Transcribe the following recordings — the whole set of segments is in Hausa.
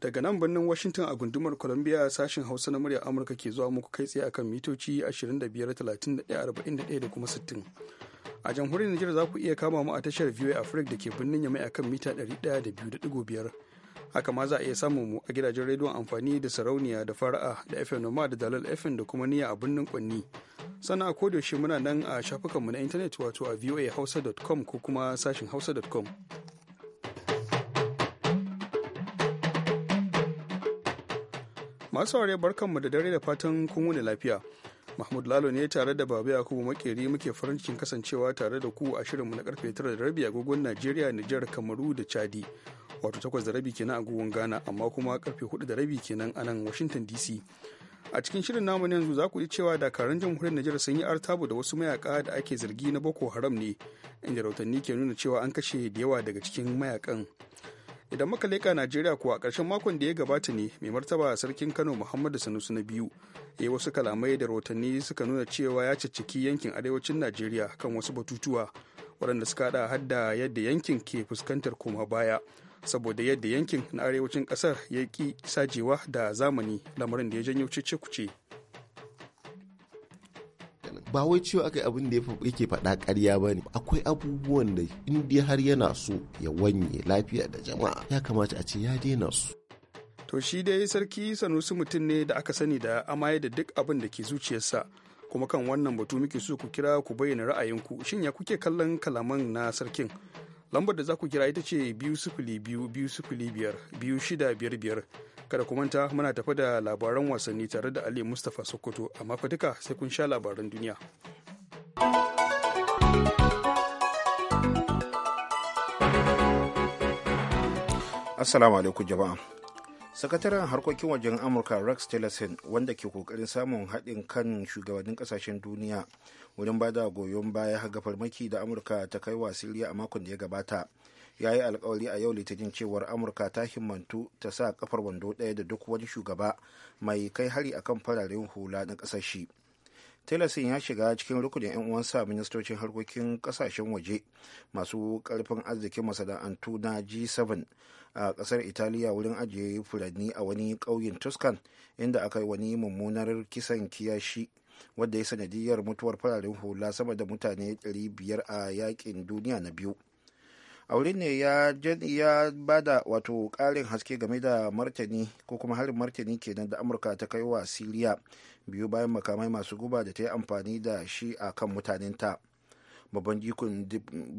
daga nan birnin washington a gundumar columbia sashen hausa na murya amurka ke zuwa muku kai tsaye akan mitoci 25 da kuma 60 a jamhuriyar nijar za ku iya kama mu a tashar voa africa da ke birnin yamai akan mita 102.5 haka ma za a iya samun mu a gidajen rediyon amfani da sarauniya da fara'a da fm noma da dalal fm da kuma niyya a birnin kwanni sannan a kodayaushe muna nan a shafukanmu na intanet wato a voahausa.com ko kuma sashin hausa.com masu saurare barkanmu da dare da fatan kun wuni lafiya mahmud lalo ne tare da baba yakubu makeri muke farin cikin kasancewa tare da ku a shirinmu na karfe tara da rabi agogon najeriya nijar kamaru da chadi wato takwas da rabi kenan agogon ghana amma kuma karfe hudu da rabi kenan a nan washington dc a cikin shirin namu yanzu za ku ji cewa dakarun jamhuriyar Nijar sun yi artabu da wasu mayaka da ake zargi na Boko Haram ne, inda rautanni ke nuna cewa an kashe da yawa daga cikin mayakan. idan muka leƙa najeriya kuwa ƙarshen makon da ya gabata ne mai martaba sarkin kano muhammadu sanusi na biyu ya wasu kalamai da rahotanni suka nuna cewa ya cicciki yankin arewacin najeriya kan wasu batutuwa waɗanda suka haɗa hadda yadda yankin ke fuskantar koma baya saboda yadda yankin na arewacin ƙasar ya ƙi sajewa da zamani lamarin da ya janyo cece kuce ba wai cewa aka abin da yake faɗa ƙarya ba ne akwai abubuwan da indiya har yana so ya wanye lafiya da jama'a ya kamata a ce ya daina su to shi dai sarki sanusi mutum ne da aka sani da amaye da duk abin da ke zuciyarsa kuma kan wannan batu muke so ku kira ku bayyana ra'ayinku shin ya kuke kallon kalaman na sarkin lambar da za ku kira ita ce biyu sifili biyu biyu sifili biyar biyu shida biyar biyar kada ku manta muna tafi da labaran wasanni tare da ali mustapha sokoto amma fa sai kun sha labaran duniya assalamu alaikum jama'a sakataren harkokin wajen amurka rex tillerson wanda ke kokarin samun haɗin kan shugabannin ƙasashen duniya wurin bada goyon baya ga farmaki da amurka ta kai wa siriya a makon da ya gabata ya yi alkawari a yau litinin cewar amurka ta himmantu ta sa kafar wando ɗaya da duk wani shugaba mai kai hari a kan fararen hula na ƙasar shi tilasin ya shiga cikin rukunin 'yan uwansa ministocin harkokin kasashen waje masu karfin arzikin masana'antu na g7 a kasar italiya wurin ajiye furanni a wani ƙauyen tuscan inda aka yi wani mummunar kisan kiyashi wadda ya sanadiyar mutuwar fararen hula sama da mutane 500 a yakin duniya na biyu a ne ya ya bada wato ƙarin haske game da martani ko kuma harin martani kenan da amurka ta kai wa siriya biyu bayan makamai masu guba da ta yi amfani da shi a kan mutanenta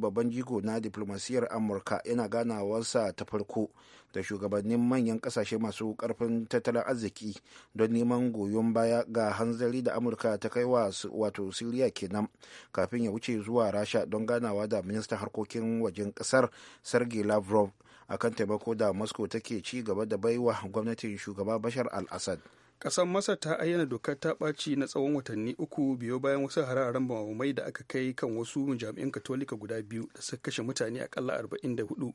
babban jiko na diplomasiyar amurka yana ganawarsa ta farko da shugabannin manyan kasashe masu karfin tattalin arziki don neman goyon baya ga hanzari da amurka ta kai wato siriya kenan kafin ya wuce zuwa rasha don ganawa da ministan harkokin wajen kasar sergei lavrov akan taimako da moscow take ci gaba da baiwa gwamnatin shugaba bashar al-assad Ƙasar Masar ta ayyana dokar ta ɓaci na tsawon watanni uku biyo bayan wasu hararen bamamai da aka kai kan wasu jami'in Katolika guda biyu da suka kashe mutane akalla 44.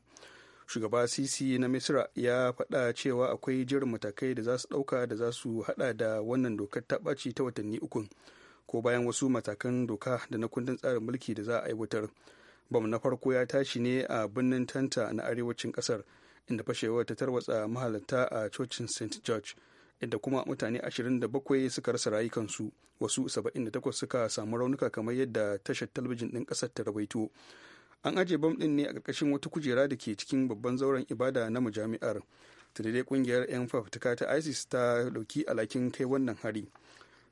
Shugaba Sisi na Misra ya faɗa cewa akwai jerin matakai da za su ɗauka da za su haɗa da wannan dokar ta ɓaci ta watanni ukun. ko bayan wasu matakan doka da na kundin tsarin mulki da za a aiwatar bam na farko ya tashi ne a birnin tanta na arewacin kasar inda fashewar ta tarwatsa mahalarta a cocin st george inda kuma mutane 27 suka rasa rayukansu wasu 78 suka samu raunuka kamar yadda tashar talabijin ɗin kasar ta rawaito an ajiye bam ɗin ne a ƙarƙashin wata kujera da ke cikin babban zauren ibada na majami'ar daidai kungiyar 'yan fafutuka ta isis ta ɗauki alakin kai wannan hari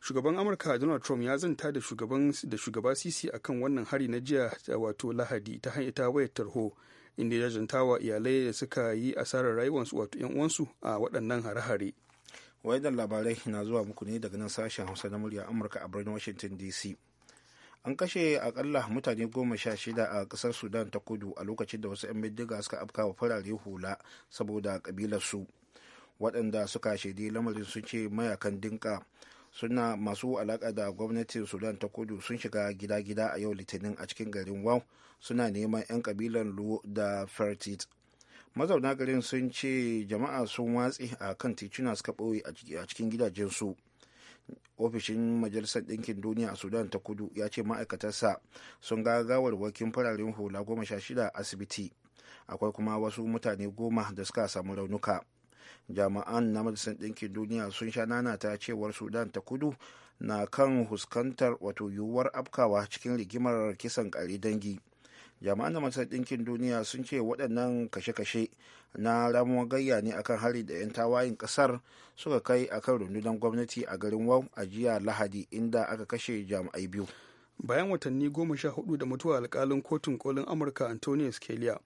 shugaban amurka donald trump ya zanta da shugaban da shugaba sisi akan wannan hari na jiya wato lahadi ta hanyar ta wayar tarho inda ya jantawa iyalai da suka yi asarar rayuwarsu wato 'yan uwansu a waɗannan hare-hare wayannan labarai na zuwa muku ne daga nan sashen hausa na murya amurka a birnin washington dc an kashe akalla mutane goma sha shida a kasar sudan ta kudu a lokacin da wasu 'yan bindiga suka afka wa farare hula saboda kabilarsu waɗanda suka shaidi lamarin sun ce mayakan dinka suna masu alaƙa da gwamnatin sudan ta kudu sun shiga gida-gida a yau litinin a cikin garin wau suna neman 'yan kabilan lu da fertit mazauna garin sun ce jama'a sun watse a kan tituna suka ɓoye a cikin gidajensu ofishin majalisar ɗinkin duniya a sudan ta kudu ya ce ma'aikatarsa sun ga wakin fararen hula goma sha shida a asibiti akwai kuma wasu mutane goma da suka samu raunuka jama'an na majalisar ɗinkin duniya sun sha nana ta cewar sudan ta kudu na kan huskantar wato yiwuwar afkawa cikin rigimar kisan ƙari dangi jami'an da masar ɗinkin duniya sun ce waɗannan kashe-kashe na ramuwar gayya ne akan hari da 'yan tawayin ƙasar suka kai akan rundunar gwamnati a garin wau a jiya lahadi inda aka kashe jami'ai biyu bayan watanni goma sha hudu da mutuwa alkalin kotun kolin amurka antonio scalia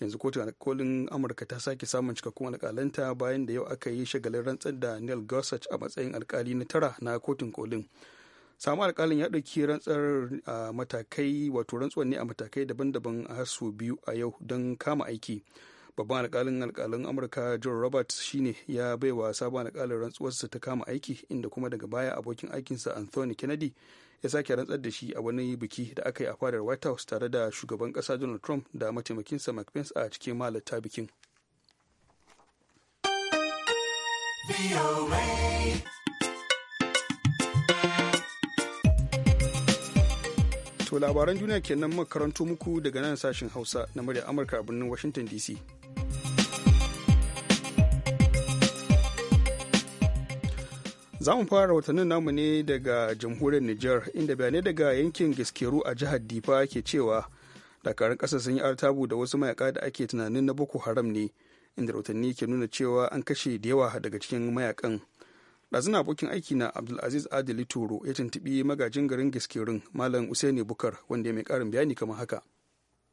yanzu kotun kolin amurka ta sake samun cikakkun alkalanta bayan da yau aka yi shagalin rantsar da neil gorsuch a matsayin alkali na tara na kotun kolin samu alkalin ya ɗauki rantsar a matakai wato rantsuwar ne a matakai daban-daban a sau biyu a yau don kama aiki babban alkalin alkalin amurka john roberts shine ya baiwa sabon alkalin rantsuwarsa ta kama aiki inda kuma daga baya abokin aikinsa anthony kennedy ya sake rantsar da shi a wani biki da aka yi a fadar white house tare da shugaban kasa donald trump da mataimakinsa mike pence a cikin malata bikin To labaran duniya kenan muka karanto muku daga nan sashen Hausa na murya Amurka a birnin Washington DC. Za mu fara rahotannin namu ne daga jamhuriyar niger inda bayanai daga yankin Gaskeru a jihar Difa ke cewa dakarun ƙasa sun yi artabu da wasu mayaka da ake tunanin na Boko Haram ne inda rahotanni ke nuna cewa an kashe da yawa daga cikin mayakan. ɗazin abokin aiki na abdulaziz adili toro ya tuntuɓi magajin garin gaskerin malam usaini bukar wanda ya mai ƙarin bayani kamar haka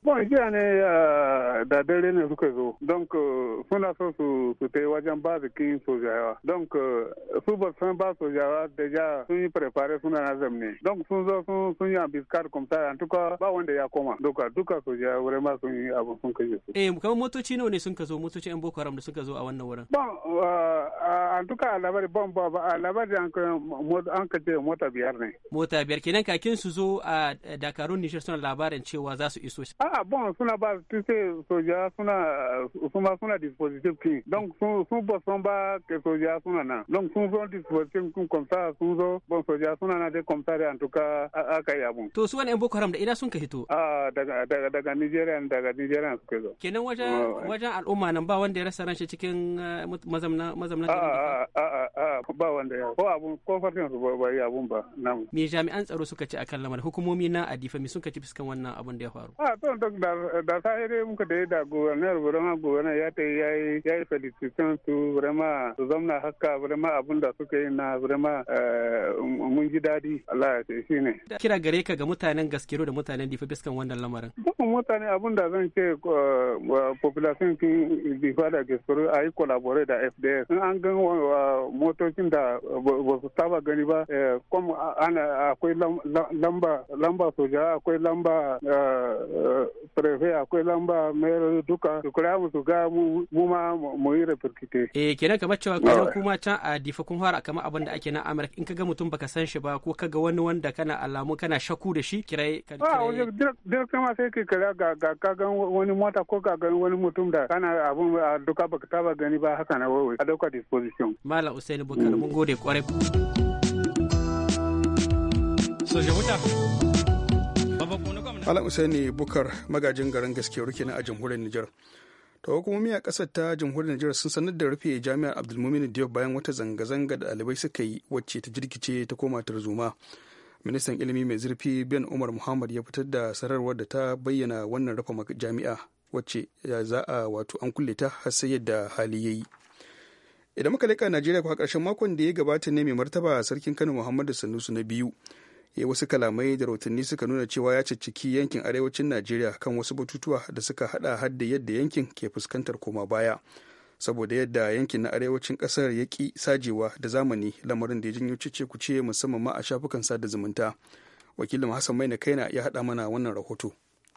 Bon, jiya ne eh, da dare ne suka zo, don eh, suna so su wajen ba bikin sojawa. Eh, su ba san ba sojawa da ja sun yi prepare suna na zamne. Don sun zo sun yi ambiskar kumta, an tuka ba ya koma. Duka duka sojawa sun yi abu sun kashe su. Eh, motoci nawa ne sun ka motoci 'yan Boko Haram da suka a wannan wurin? Bon, tout cas a labari bon a labari an ka ce mota biyar ne. Mota biyar kenan kakin su zo a Dakarun Nishir suna labarin cewa za su iso. Ah bon, suna ba tu sais soja suna suma suna dispositif kin. Donc sun sun bo son ba ke soja suna na. Donc sun zo dispositif kun comme ça sun zo bon soja suna na de comme ça en tout cas aka yi abun. To su wannan Boko Haram da ina sun ka hito? Ah daga daga daga Nigeria daga Nigeria suka zo. Kenan wajen ah, eh. wajen al'umma nan ba wanda ya rasa ranshi cikin eh, mazamna mazamna. Ah ah, ah ah ah ba wanda ya ko abun ko fatin su ba yi abun ba namu. Me jami'an tsaro suka ci akan lamarin hukumomi na Adifa me suka ci fuskan wannan abun da ya faru? Ah da safe muka da da gobernar burama gobernar ya ta yi ya yi felicitation su burama su zamna haka burama abun da suka yi na burama eh, mun ji daɗi Allah ya ce shi ne. Kira gare ka ga mutanen gaskiro da mutanen difa biskan wannan lamarin. Dukkan mutane abun da zan ce population kin difa da gaskiro a yi collaborate da FDS. In an gan motocin da ba su saba gani ba eh, kuma akwai lamba soja akwai lamba eh, prefe akwai lamba mayar duka su kura mu su ga mu ma mu yi rafirkite. eh kenan kamar cewa kusan kuma can a difa kun fara kamar abin da ake na amurka in ka ga mutum baka san shi ba ko ka ga wani wanda kana alamu kana shaku da shi kirai ka a wajen dir kama sai ka kira ga ga ka ga wani mota ko ka ga wani mutum da kana abun duka baka taba gani ba haka na wawai a dauka disposition malam usaini bukar mun gode kwarai sojoji Malam Usaini Bukar magajin garin gaskewar kenan a jamhuriyar Nijar. To hukumomi a kasar ta jamhuriyar Nijar sun sanar da rufe jami'ar Abdulmumin Diop bayan wata zanga-zanga da ɗalibai suka yi wacce ta jirkice ta koma tarzoma. Ministan ilimi mai zurfi Ben Umar Muhammad ya fitar da sararwar da ta bayyana wannan rufe jami'a wacce eh, za a wato an kulle ta har sai yadda hali ya yi. Idan muka leƙa Najeriya kuwa ƙarshen makon da ya gabata ne mai martaba sarkin Kano Muhammadu sanusu na biyu. ya wasu kalamai da rahotanni suka nuna cewa ya cicciki yankin arewacin najeriya kan wasu batutuwa da suka hada hadda yadda yankin ke fuskantar koma baya saboda yadda yankin na arewacin kasar ya ki sajewa da zamani lamarin da ya janyo cice kuce musamman ma a shafukan sada zumunta wakilin hassan na kaina ya hada mana wannan rahoto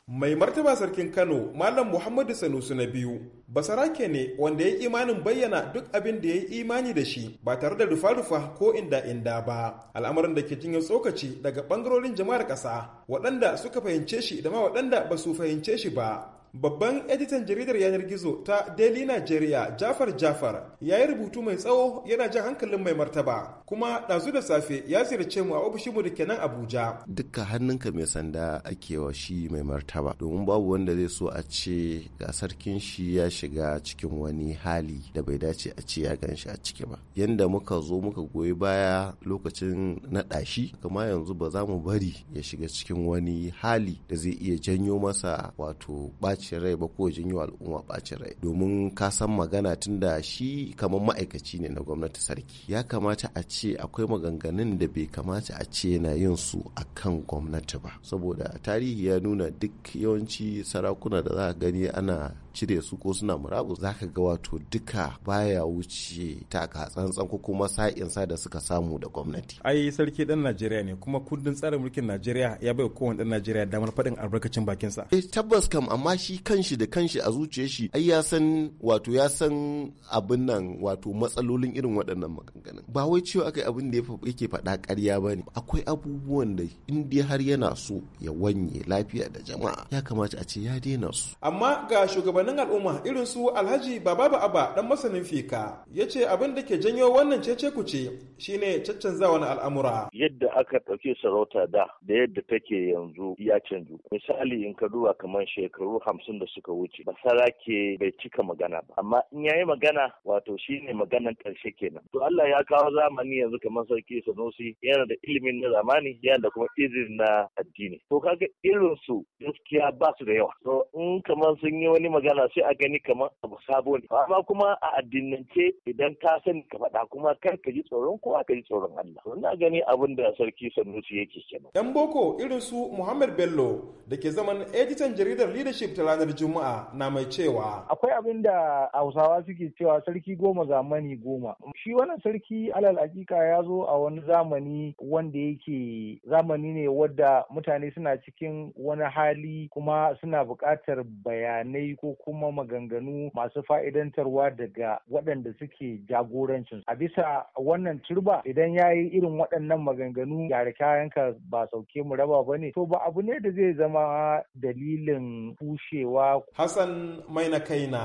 mai martaba sarkin kano malam muhammadu Sanusu na biyu basarake ne wanda ya yi imanin bayyana duk abin da ya yi imani da shi ba tare da rufa-rufa ko inda-inda ba al'amarin da ke jinyar tsokaci daga bangarorin jama'ar ƙasa waɗanda suka fahimce shi da ma waɗanda ba su fahimce shi ba Babban editan jaridar yanar gizo ta Daily Nigeria Jafar Jafar ya yi rubutu mai tsawo yana jan hankalin mai martaba kuma ɗazu da safe ya ziyarce mu a ofishin mu da kenan Abuja. Dukka hannunka mai sanda ake wa shi mai martaba domin babu wanda zai so a ce ga sarkin shi ya shiga cikin wani hali da bai dace a ce ya gan shi a ciki ba. Yanda muka zo muka goyi baya lokacin naɗa shi kama yanzu ba za mu bari ya shiga cikin wani hali da zai iya janyo masa wato ɓaci bacin rai ba ko janyo al'umma bacin rai domin ka san magana tunda shi kamar ma'aikaci ne na gwamnati sarki ya kamata a ce akwai maganganun da bai kamata a ce yana yin su akan gwamnati ba saboda tarihi ya nuna duk yawanci sarakuna da za a gani ana cire su ko suna murabu za ka ga wato duka baya wuce taka tsantsan ko kuma sa da suka samu da gwamnati. Ai sarki dan Najeriya ne kuma kundin tsarin mulkin Najeriya ya bai kowane dan Najeriya damar faɗin albarkacin bakinsa. Eh tabbas kam amma shi shi kanshi da kanshi a zuciyar shi ai ya san wato ya san abin nan wato matsalolin irin waɗannan maganganun ba wai cewa akai abin da yake faɗa ƙarya ba ne akwai abubuwan da in har yana so ya wanye lafiya da jama'a ya kamata a ce ya daina su amma ga shugabannin al'umma irin su alhaji baba aba dan masanin fika ya ce abin da ke janyo wannan cece kuce shine caccanzawa na al'amura yadda aka ɗauke sarauta da da yadda take yanzu ya canju misali in ka duba kamar shekaru hamsin da suka wuce ke bai cika magana ba amma in yi magana wato shine maganan karshe kenan to Allah ya kawo zamani yanzu kamar sarki Sanusi yana da ilimin na zamani yana da kuma izin na addini to kaga irin su gaskiya ba su da yawa to in kamar sun yi wani magana sai a gani kamar abu sabo ne amma kuma a addinance idan ka sani ka faɗa kuma kar ka ji tsoron kowa ka ji tsoron Allah to ina gani abin da sarki Sanusi yake kenan dan boko irin su Muhammad Bello da ke zaman editan jaridar leadership ta ranar Juma'a na mai cewa. Akwai abin da Hausawa suke cewa sarki goma zamani goma. Shi wannan sarki alal hakika ya zo a wani zamani wanda yake zamani ne wadda mutane suna cikin wani hali kuma suna buƙatar bayanai ko kuma maganganu masu fa'idantarwa daga waɗanda suke jagorancin. A bisa wannan turba idan ya yi irin waɗannan maganganu yare kayanka ba sauke mu raba ba ne to ba abu ne da zai zama dalilin fushi cewa Hassan mai na na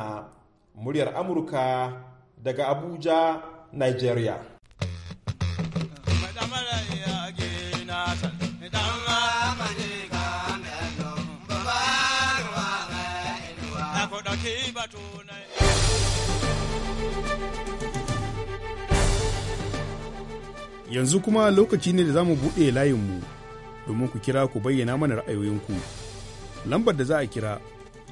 muryar Amurka daga Abuja, Nigeria. Yanzu kuma lokaci ne da za mu buɗe layinmu domin ku kira ku bayyana mana ra'ayoyinku. Lambar da za a kira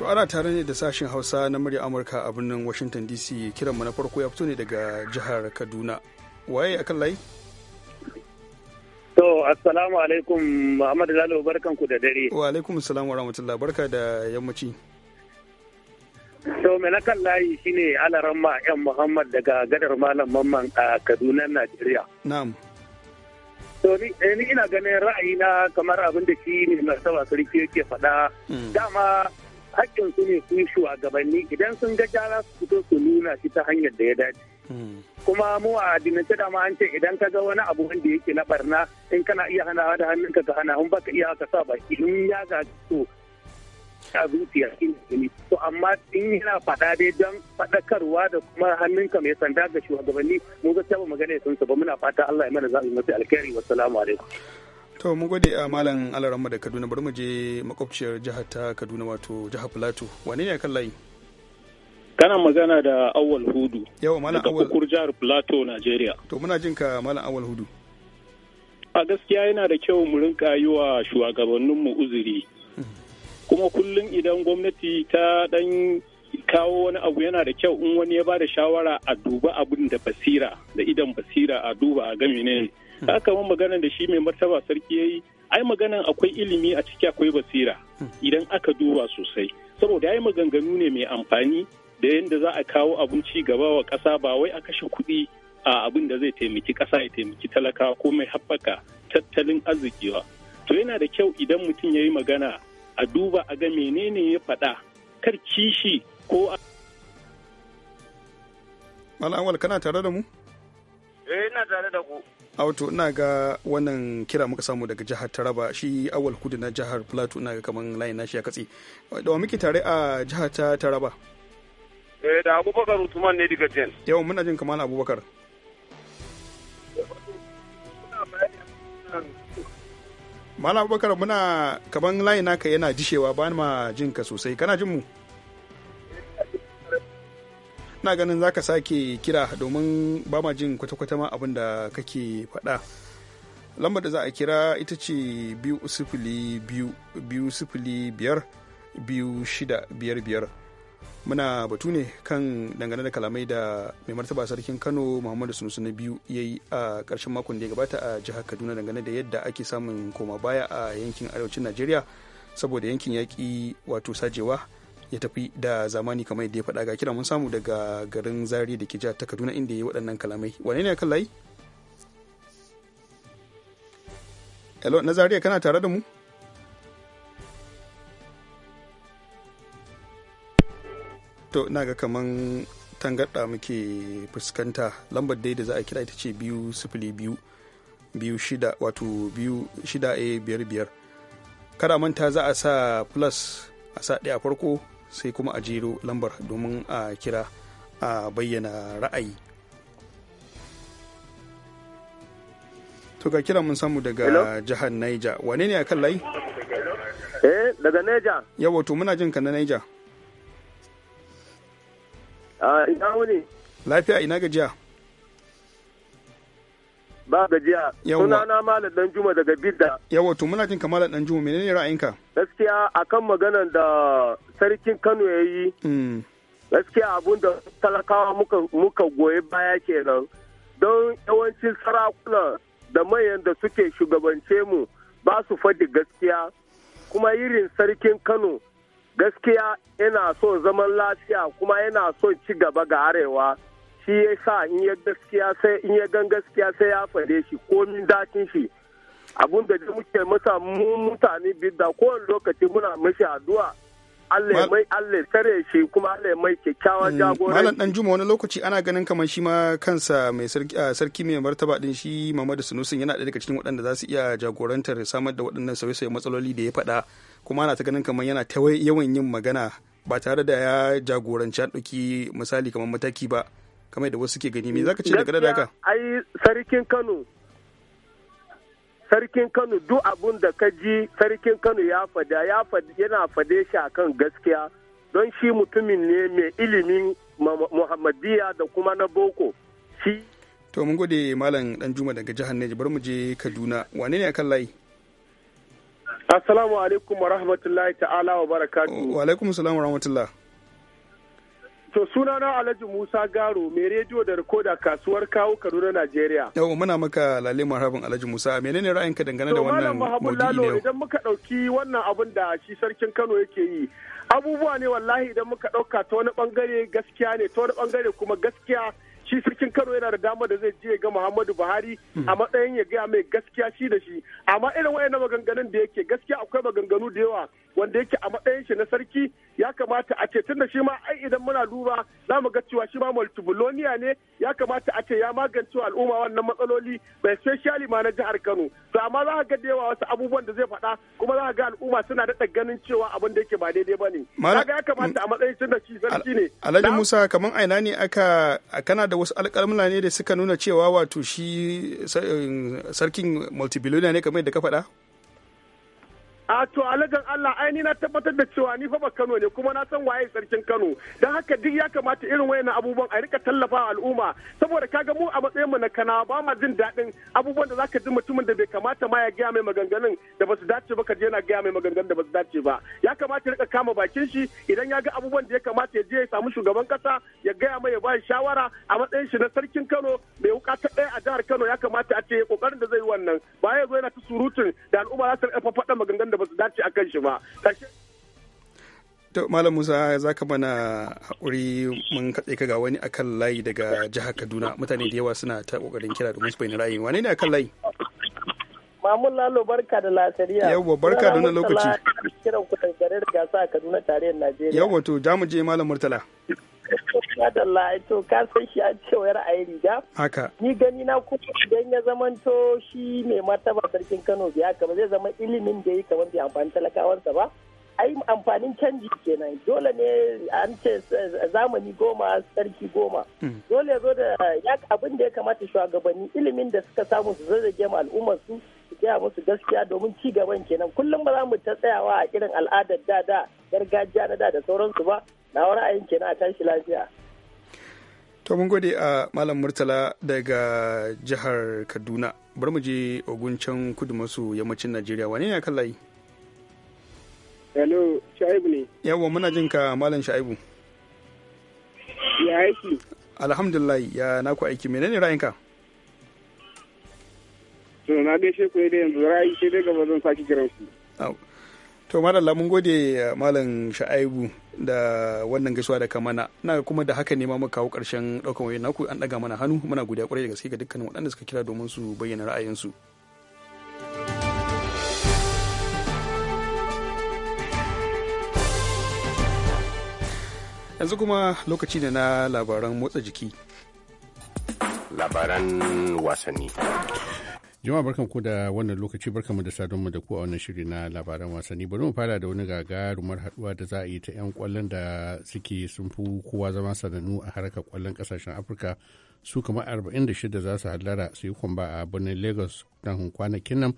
To ana tare ne da sashen Hausa na murya Amurka a birnin Washington DC kiranmu na farko ya fito ne daga jihar Kaduna. Waye akan layi? To, assalamu alaikum Muhammadu Lalo barkanku da dare. Wa alaikum salam wa rahmatullah barka da yammaci. To, me na kan layi shine alaran ma yan Muhammad daga gadar Malam Mamman a Kaduna, Najeriya. Na'am. To, ni eh, ina ganin ra'ayi na kamar abin da shi ne masaba sarki yake faɗa. Hmm. Dama hakkin su ne su yi shugabanni idan sun ga gyara su fito su nuna shi ta hanyar da ya dace. Hmm. Kuma mu a addinance da an ce idan ka ga wani abu wanda yake na barna in kana iya hanawa da hannunka ka hana in baka iya ka sa baki in ya ga to ka zuciya ne to amma in yana faɗa da don faɗakarwa da kuma hannunka mai sanda ga shugabanni mu ga taɓa magana sun su ba muna fata Allah ya mana yi masu alkhairi wassalamu alaikum. to mun gode a malam alaramma da kaduna bari mu je makwabciyar jihar ta kaduna wato jihar plateau wane ne kan layi kana magana da awal hudu yawa malam awal kukur jihar plateau nigeria to muna jin ka malam awal hudu a gaskiya yana da kyau mu rinka yi wa shugabanninmu uzuri kuma kullum idan gwamnati ta dan kawo wani abu yana da kyau in wani ya ba da shawara a duba abin da basira da idan basira a duba a gami ne aka magana magana da shi mai martaba sarki ya yi ai magana akwai ilimi a ciki akwai basira idan aka duba sosai saboda ya yi maganganu ne mai amfani da yadda za a kawo abinci gaba wa ƙasa ba wai a kashe kuɗi a abin da zai taimaki ƙasa ya taimaki talakawa ko mai haɓaka tattalin arziki ba to yana da kyau idan mutum ya yi magana a duba a ga menene ya faɗa kar kishi ko a Malam Awal kana tare da mu? Eh ina tare da ku. auto ina ga wannan kira muka samu daga jihar taraba shi awal kudu na jihar plateau ina ga kaman layin nashi ya katse da muke tare a jihar ta taraba eh da abubakar utuman ne daga jen Yawan muna jin kamar abubakar malam abubakar muna kaman layin naka yana dishewa ba ma jin ka sosai kana jin mu na ganin za ka sake kira domin ba ma jin kwata-kwata ma abin da kake faɗa lambar da za a kira ita ce biyu sifili biyu biyu sifili biyar biyu shida biyar biyar muna batu ne kan dangane da kalamai da mai martaba sarkin kano muhammadu sunusu na biyu ya yi a ƙarshen makon da ya gabata a jihar kaduna dangane da yadda ake samun koma baya a yankin arewacin najeriya saboda yankin yaƙi wato sajewa ya tafi da zamani kamar yadda ya faɗa ga kira mun samu daga garin zari da ke jihar ta kaduna inda ya yi waɗannan kalamai wane ne kan kallayi hello na zariya kana tare da mu to na ga kaman tangarɗa muke fuskanta lambar dai da za a kira ita ce biyu sifili biyu biyu shida wato biyu shida a eh, biyar biyar kada manta za a sa plus a sa ɗaya farko sai kuma a jero lambar domin a kira a bayyana ra'ayi to ga kira mun samu daga jihar Niger wane ne a kan layi eh daga Niger yawa to muna jin ka na Niger a ah, ina wuni lafiya ina gajiya ba gajiya sunana malam dan juma daga bidda yawa to muna jin ka malam dan juma menene ra'ayinka gaskiya akan maganan da sarkin kano ya yi hmm. gaskiya abun da talakawa muka goyi baya kenan don yawancin sarakuna da manyan da suke shugabance mu ba su faɗi gaskiya kuma irin sarkin kano gaskiya yana so zaman lafiya kuma yana so ci gaba ga arewa shi ya sa in ya gaskiya sai in ya gan gaskiya sai ya fade shi komin dakin shi abun da muke masa mu mutane bidda kowane lokaci muna mashi addu'a Allah mai Allah tare shi kuma Allah mai kyakkyawan mm, jagora Malam dan Juma wani lokaci ana ganin kamar shi ma kansa mai sarki mai martaba din shi Muhammadu Sunusin yana da daga cikin waɗanda za su iya jagorantar samar da waɗannan sauye-sauye matsaloli da ya faɗa kuma ana ta ganin kamar yana ta yawan yin magana ba tare da ya jagoranci ɗauki misali kamar mataki ba kamar da wasu ke gani me zaka ce daga da ka ai sarkin Kano sarkin Kano duk abun da ka ji sarkin Kano ya fada ya fada yana fade shi akan gaskiya don shi mutumin ne mai ilimin Muhammadiyya da kuma na boko shi to mun gode malam dan juma daga jihar Neja bar mu je Kaduna wane ne akan layi Assalamu alaikum wa rahmatullahi ta'ala wa barakatuhu. Wa alaikum salamu wa To na Alhaji Musa Garo mai rediyo da rikoda kasuwar kawo Kaduna Najeriya. Yau muna maka lale marhabin Alhaji Musa menene ra'ayinka dangane da wannan maudu'i ne? idan muka ɗauki wannan abin da shi sarkin Kano yake yi abubuwa ne wallahi idan muka ɗauka ta wani bangare gaskiya ne ta wani bangare kuma gaskiya shi sarkin Kano yana da damar da zai je ga Muhammadu Buhari hmm. a matsayin ya gaya mai gaskiya shi da shi amma irin wayan maganganun da yake gaskiya akwai maganganu da yawa wanda yake a matsayin shi na sarki ya kamata a ce tunda shi ma ai idan muna duba za mu ga cewa shi ma multibuloniya ne ya kamata a ce ya magance al'umma wannan matsaloli bai especially ma na jihar Kano to amma za ka ga da yawa wasu abubuwan da zai faɗa kuma za ka ga al'umma suna da ganin cewa abin da yake ba daidai bane kaga ya kamata a matsayin tunda shi sarki ne Alhaji Musa kaman aina ne aka kana wasu alƙalmuna ne da suka nuna cewa wato shi eh, sarkin multibillionaire ne kamar yadda ka faɗa A to alagan Allah aini na tabbatar da cewa ni fa Kano ne kuma na san waye sarkin Kano. dan haka duk ya kamata irin wayannan abubuwan a rika tallafa al'umma saboda kaga mu a matsayin mu na kana ba ma jin dadin abubuwan da zaka ji mutumin da bai kamata ma ya gaya mai maganganun da basu dace ba ka je na gaya mai maganganun da basu dace ba. Ya kamata rika kama bakin shi idan ya ga abubuwan da ya kamata ya je ya samu shugaban kasa ya gaya mai ya ba shawara a matsayin shi na sarkin Kano mai wuka ta ɗaya a jihar Kano ya kamata a ce kokarin da zai yi wannan ba ya zo yana ta surutun da al'umma za su rika faɗa maganganun ba su dace kan shi ba malam musa za ka mana haƙuri mun katse ka ga wani akan layi daga jihar kaduna mutane da yawa suna ta ƙoƙarin kira domin su bayyana ra'ayi wane ne akan layi mamun lalo barka da lasariya yawwa barka da wani lokaci kiran ku gasa a kaduna tarayyar najeriya yawwa to mu je malam murtala Madalla to ka san shi a cewar yi riga. Haka. Ni gani na kuma idan ya to shi mai martaba sarkin Kano biya haka zai zama ilimin da yi kamar bai amfani talakawarsa ba. Ai amfanin canji kenan dole ne an ce zamani goma sarki goma. Hmm. Dole zo da abin da ya kamata shugabanni ilimin da suka samu su zage ma al'ummar su su gaya musu gaskiya domin ci gaban kenan kullum ba za mu ta tsayawa a irin al'adar da da gargajiya na da da sauransu ba na wani ayin kenan a tashi lafiya to mun gode a malam murtala daga jihar kaduna bari mu je ogun can kudu maso yammacin najeriya wane ne kan layi hello shaibu ne yawwa muna jin ka malam shaibu ya aiki alhamdulillah ya naku aiki menene ra'ayinka to na gaishe ku da yanzu ra'ayi sai dai gaba zan sake kiran ku to madalla mun gode malam sha'aibu da wannan gaisuwa da kamana na kuma da haka ne ma muka kawo karshen daukan wayoyin naku an ɗaga mana hannu muna godiya kwarai da gaske ga dukkanin waɗanda suka kira domin su bayyana ra'ayinsu yanzu kuma lokaci ne na labaran motsa jiki labaran wasanni Jama'a barkan ku da wannan lokaci barkan mu da sadonmu da ku a wannan shiri na labaran wasanni. Bari mu fara da wani gagarumar haduwa da za a yi ta 'yan kwallon da suke sun fi kowa zama sanannu a harkar kwallon kasashen Afirka su kamar 46 za su hallara su yi kwamba a birnin Lagos dan kwanakin nan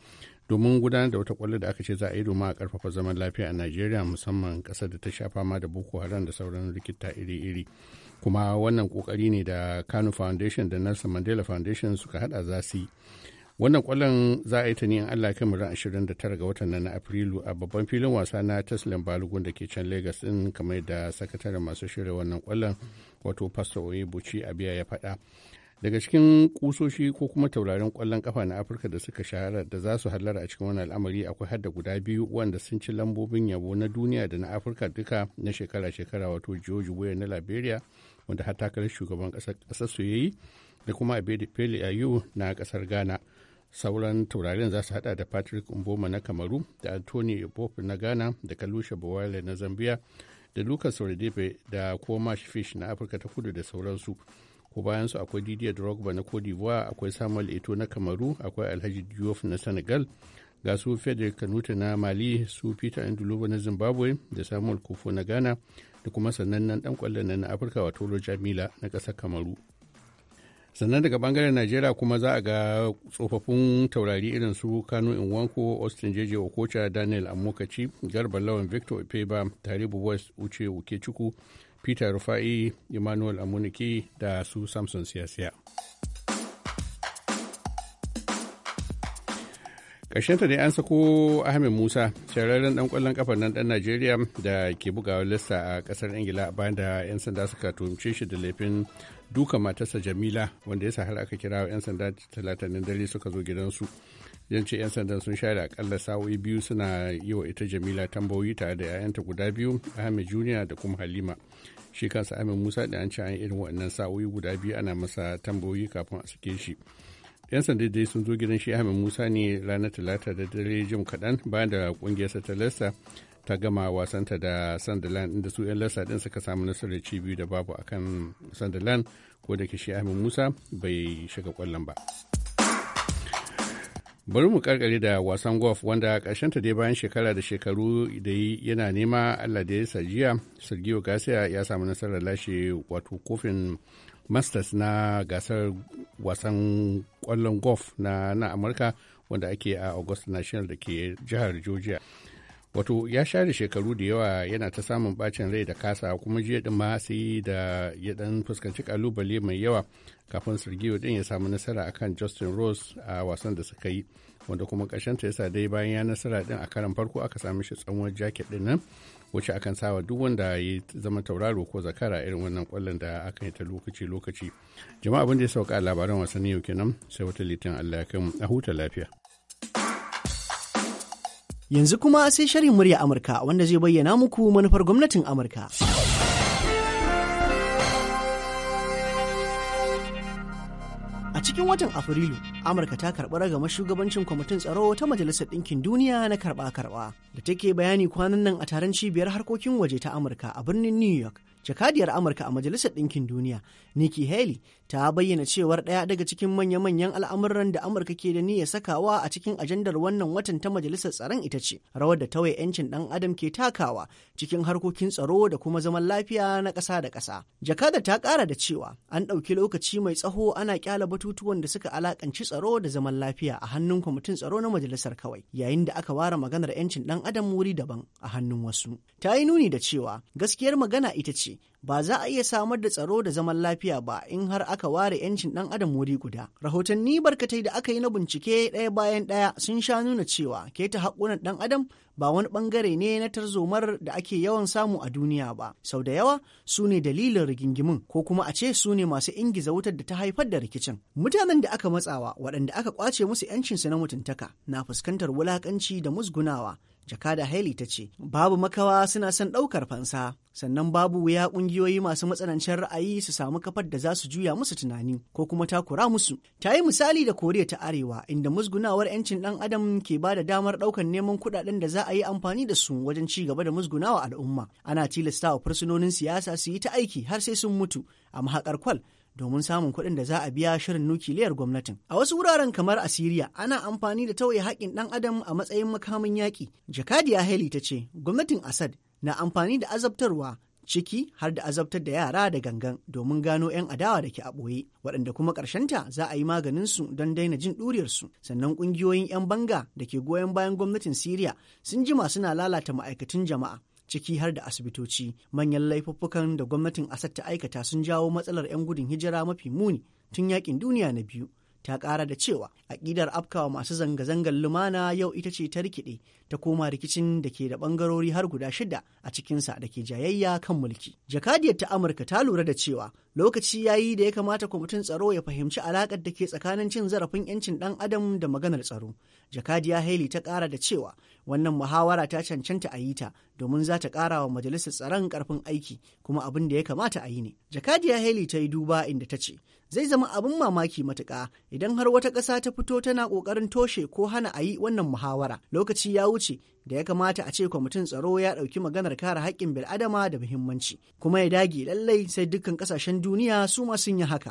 domin gudanar da wata kwallo da aka ce za a yi domin a karfafa zaman lafiya a Najeriya musamman kasar da ta sha fama da Boko Haram da sauran rikita iri-iri. Kuma wannan kokari ne da Kano Foundation da Nelson Mandela Foundation suka hada za su yi. wannan kwallon za a yi ta ne in allah kai muran 29 ga watan nan na afrilu a babban filin wasa na taslim balogun da ke can lagos din kamar da sakataren masu shirya wannan kwallon wato pastor oye buci abiya ya faɗa daga cikin kusoshi ko kuma taurarin kwallon kafa na afirka da suka shahara da za su hallara a cikin wannan al'amari akwai hadda guda biyu wanda sun ci lambobin yabo na duniya da na afirka duka na shekara-shekara wato george weah na liberia wanda har takarar shugaban ƙasar su yayi da kuma abedi pele ayu na kasar ghana sauran taurarin za su hada da patrick umboma na kamaru da anthony bob na ghana da kalusha bawale na zambia da lucas oredepe da kuma fish na afirka ta kudu da sauransu ko bayan su akwai didier drogba na cote d'ivoire akwai samuel eto na kamaru akwai alhaji diouf na senegal ga su frederick kanuta na mali su peter anduluba na zimbabwe da samuel kofo na ghana da kuma sanannen dan kwallon na afirka wato roger mila na kasar kamaru sannan daga bangaren najeriya kuma za a ga tsofaffin taurari irin su kano wanko austin jeje okocha daniel amokaci garba lawan victor ipeba taribu west uche ukechukwu peter rufa'i emmanuel amunike da su samson siyasiya ta dai an sako ahmed musa shararren dan kwallon kafar nan dan najeriya da ke bugawa lissa a kasar ingila bayan da 'yan sanda suka tuhumce shi da laifin duka matarsa jamila wanda ya har aka kira 'yan sanda na dare suka zo gidansu yance 'yan sanda sun share akalla sa'o'i biyu suna yi wa ita jamila tambayoyi tare da 'ya'yanta guda biyu ahmed junior da kuma halima shi kansa ahmed musa da an ci an irin wannan sa'o'i guda biyu ana masa tambayoyi kafin a sake shi 'yan sanda dai sun zo gidan shi ahmed musa ne ranar talata da dare jim kaɗan bayan da ƙungiyarsa ta lasta ta gama wasanta da sunderland inda su 'yan lasa din suka samu nasarar ci biyu da babu a kan sunderland ko da shi ahmed musa bai shiga kwallon ba bari mu karkare da wasan golf wanda ta dai bayan shekara da shekaru da yana nema allah da ya sajiya sergio garcia ya samu nasarar lashe wato kofin masters na gasar wasan kwallon golf na, na amurka wanda ake a august national da ke jihar georgia wato ya share shekaru da yawa yana ta samun bacin rai da kasa kuma jiya din ma sai da ya dan fuskanci kalubale mai yawa kafin sirgiyo din ya samu nasara akan justin rose a wasan da suka yi wanda kuma ta yasa dai bayan ya nasara din a karan farko aka sami shi tsawon jaket din nan wacce akan sawa duk wanda ya zama tauraro ko zakara irin wannan kwallon da aka yi ta lokaci lokaci jama'a abin da ya sauka labaran wasanni yau kenan sai wata litin allah ya kai mu a huta lafiya Yanzu kuma sai shirin murya Amurka wanda zai bayyana muku manufar gwamnatin Amurka. A cikin watan Afrilu, Amurka ta karɓi ragamar shugabancin kwamitin tsaro ta Majalisar Ɗinkin Duniya na karɓa-karɓa da take bayani kwanan nan a taron cibiyar harkokin waje ta Amurka a birnin New York. jakadiyar amurka a majalisar ɗinkin duniya nikki haley ta bayyana cewar ɗaya daga cikin manya-manyan al'amuran da amurka ke da niyyar sakawa a cikin ajandar wannan watan ta majalisar tsaron ita ce rawar da tawaye 'yancin ɗan adam ke takawa cikin harkokin tsaro da kuma zaman lafiya na ƙasa da ƙasa jakada ta ƙara da cewa an ɗauki lokaci mai tsaho ana ƙyala batutuwan da suka alaƙanci tsaro da zaman lafiya a hannun kwamitin tsaro na majalisar kawai yayin da aka ware maganar 'yancin ɗan adam wuri daban a hannun wasu ta yi nuni da cewa gaskiyar magana ita ce ba za a iya samar da tsaro da zaman lafiya ba in har aka ware 'yancin ɗan adam wuri guda. Rahotanni barkatai da aka yi na bincike ɗaya bayan ɗaya sun sha nuna cewa keta haƙunan ɗan adam ba wani ɓangare ne na tarzomar da ake yawan samu a duniya ba. Sau da yawa su ne dalilin rigingimin ko kuma a ce su ne masu ingiza wutar da ta haifar da rikicin. Mutanen da aka matsawa waɗanda aka ƙwace musu 'yancinsu na mutuntaka na fuskantar wulaƙanci da musgunawa jakada haili ta ce babu makawa suna son ɗaukar fansa sannan babu wuya ƙungiyoyi masu matsanancin ra'ayi su samu kafar da za su juya musu tunani ko kuma takura musu ta yi misali da koriya ta arewa inda musgunawar 'yancin ɗan adam ke ba da damar ɗaukar neman kuɗaɗen da za a yi amfani da su wajen ci gaba da musgunawa al'umma ana tilastawa fursunonin siyasa su yi ta aiki har sai sun mutu a mahaƙar kwal domin samun kuɗin da za a biya shirin nukiliyar gwamnatin. A wasu wuraren kamar a Siriya ana amfani da tauye haƙƙin ɗan adam a matsayin makamin yaƙi. Jakadiya Haley ta ce gwamnatin Assad na amfani da azabtarwa ciki har da azabtar da yara da gangan domin gano 'yan adawa da ke a ɓoye waɗanda kuma ƙarshenta za a yi maganin su don daina jin ɗuriyarsu sannan ƙungiyoyin 'yan banga da ke goyon bayan gwamnatin siriya sun jima suna lalata ma'aikatan jama'a ciki har da asibitoci manyan laifuffukan da gwamnatin asad ta aikata sun jawo matsalar 'yan gudun hijira mafi muni tun yakin duniya na biyu ta kara da cewa aƙidar afkawa masu zanga-zangar lumana yau ita ce ta rikide ta koma rikicin da ke da ɓangarori har guda shida a cikinsa da ke jayayya kan mulki. Jakadiyar ta Amurka ta lura da cewa lokaci ya yi da ya kamata kwamitin tsaro ya fahimci alaƙar da ke tsakanin cin zarafin 'yancin ɗan adam da maganar tsaro. Jakadiya haili ta ƙara da cewa wannan muhawara ta cancanta a yi ta domin za ta kara wa majalisar tsaron karfin aiki kuma abin da ya kamata a yi ne jakadiya haley ta yi duba inda ta ce zai zama abin mamaki matuƙa idan har wata ƙasa ta fito tana ƙoƙarin toshe ko hana a yi wannan muhawara lokaci ya wuce da ya kamata a ce kwamitin tsaro ya ɗauki maganar kare haƙƙin bil'adama da muhimmanci kuma ya dage lallai sai dukkan ƙasashen duniya su ma sun yi haka.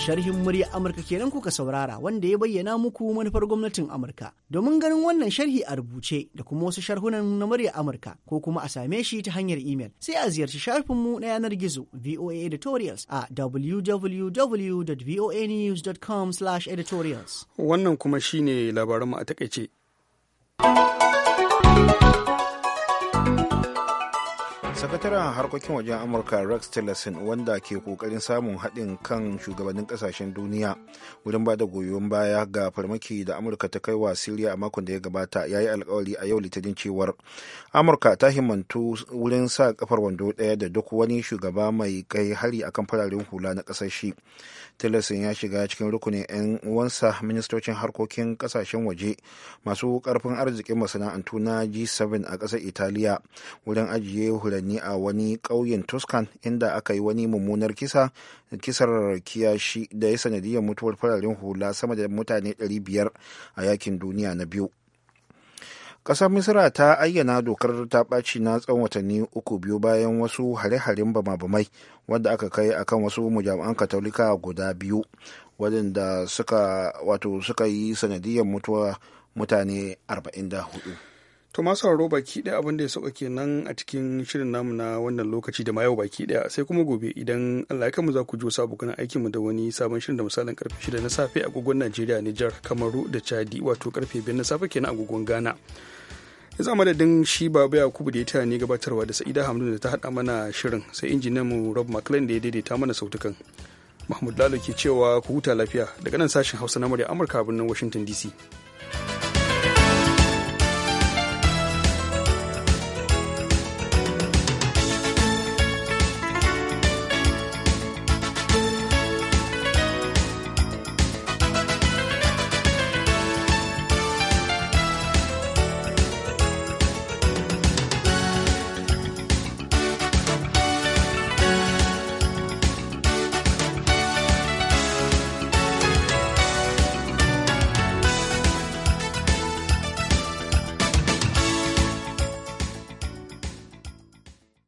Sharhin murya Amurka kenan kuka saurara wanda ya bayyana muku manufar gwamnatin Amurka. Domin ganin wannan sharhi a rubuce da kuma wasu sharhunan na murya Amurka ko kuma a same shi ta hanyar imel sai a ziyarci shafinmu na yanar gizo VOA editorials a www.voanews.com/editorials. Wannan kuma shine labaranmu a takaice. sakataren harkokin wajen amurka rex tillerson wanda ke kokarin samun haɗin kan shugabannin ƙasashen duniya wurin ba da goyon baya ga farmaki da amurka ta kai wa siriya a makon da ya gabata ya yi alkawari a yau litinin cewar amurka ta himmantu wurin sa kafar wando ɗaya da duk wani shugaba mai kai hari akan fararen hula na ƙasar shi tillerson ya shiga cikin rukunin 'yan uwansa ministocin harkokin ƙasashen waje masu ƙarfin arzikin masana'antu na g7 a ƙasar italiya wurin ajiye hulani ne a wani ƙauyen tuscan inda aka yi wani mummunar kisa kisar kiyashi da ya sanadiyar mutuwar fararen hula sama da mutane 500 a yakin duniya na biyu ƙasar misira ta ayyana dokar ta ɓaci na tsawon watanni uku biyu bayan wasu hare-haren bama-bamai wanda aka kai akan wasu mujam'an katolika guda biyu waɗanda suka suka yi sanadiyar mutuwa mutane 44 to ma sauraro baki ɗaya abin da ya sauka kenan a cikin shirin namu na wannan lokaci da ma yau baki ɗaya sai kuma gobe idan Allah ya kamu za ku ji wasu abokan aikinmu da wani sabon shirin da misalin karfe shida na safe agogon Najeriya Nijar Kamaru da Chadi wato karfe biyar na safe kenan agogon Ghana yanzu a madadin shi baba yakubu da ya taya ne gabatarwa da sa'ida hamdu da ta haɗa mana shirin sai injiniyan mu rob mclean da ya daidaita mana sautukan mahmud lalo ke cewa ku huta lafiya daga nan sashen hausa na murya amurka birnin washington dc